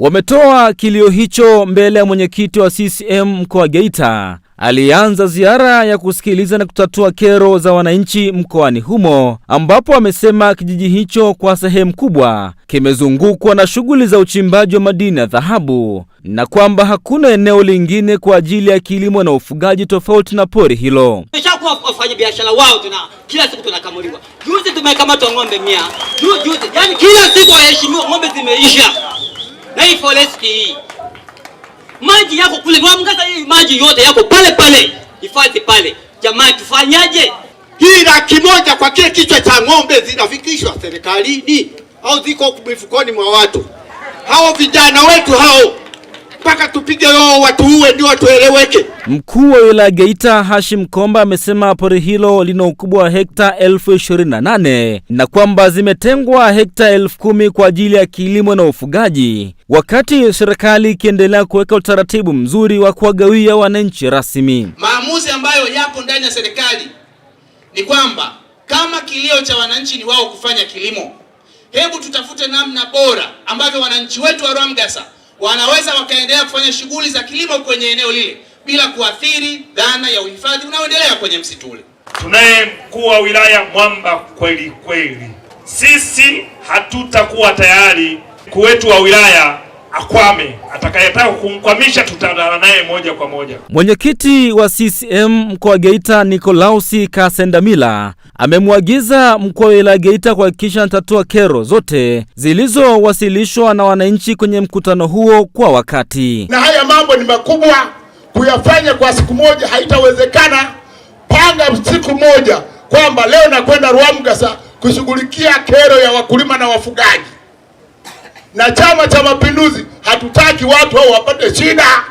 Wametoa kilio hicho mbele ya mwenyekiti wa CCM mkoa Geita alianza ziara ya kusikiliza na kutatua kero za wananchi mkoani humo, ambapo amesema kijiji hicho kwa sehemu kubwa kimezungukwa na shughuli za uchimbaji wa madini ya dhahabu na kwamba hakuna eneo lingine kwa ajili ya kilimo na ufugaji tofauti na pori hilo. Tumeshakuwa wafanya biashara wao, tuna kila siku tunakamuliwa. Juzi tumekamata ng'ombe mia, juzi, yani kila siku waheshimiwa, ng'ombe zimeisha bei foresti maji yako kule Lwamgaza, hii maji yote yako pale pale hifadhi pale. Jamani, tufanyaje? Hii laki moja kwa kile kichwa cha ng'ombe zinafikishwa serikalini au ziko mifukoni mwa watu? Hao vijana wetu hao mpaka tupige roho uwe ndio watueleweke. Mkuu wa wilaya Geita Hashim Komba amesema pori hilo lina ukubwa wa hekta elfu ishirini na nane na kwamba zimetengwa hekta elfu kumi kwa ajili ya kilimo na ufugaji, wakati serikali ikiendelea kuweka utaratibu mzuri wa kuwagawia wananchi rasmi. Maamuzi ambayo yapo ndani ya serikali ni kwamba kama kilio cha wananchi ni wao kufanya kilimo, hebu tutafute namna bora ambavyo wananchi wetu wa Rwamgasa wanaweza wakaendelea kufanya shughuli za kilimo kwenye eneo lile bila kuathiri dhana ya uhifadhi unaoendelea kwenye msitu ule. Tunaye mkuu wa wilaya mwamba kweli kweli, sisi hatutakuwa tayari mkuu wetu wa wilaya akwame, atakayetaka kumkwamisha tutadala naye moja kwa moja. Mwenyekiti wa CCM mkoa wa Geita Nikolausi Kasendamila amemwagiza mkuu wa wilaya Geita kuhakikisha anatatua kero zote zilizowasilishwa na wananchi kwenye mkutano huo kwa wakati. Na haya mambo ni makubwa, kuyafanya kwa siku moja haitawezekana. Panga siku moja kwamba leo nakwenda Rwamgasa kushughulikia kero ya wakulima na wafugaji na Chama cha Mapinduzi hatutaki watu hao wapate shida.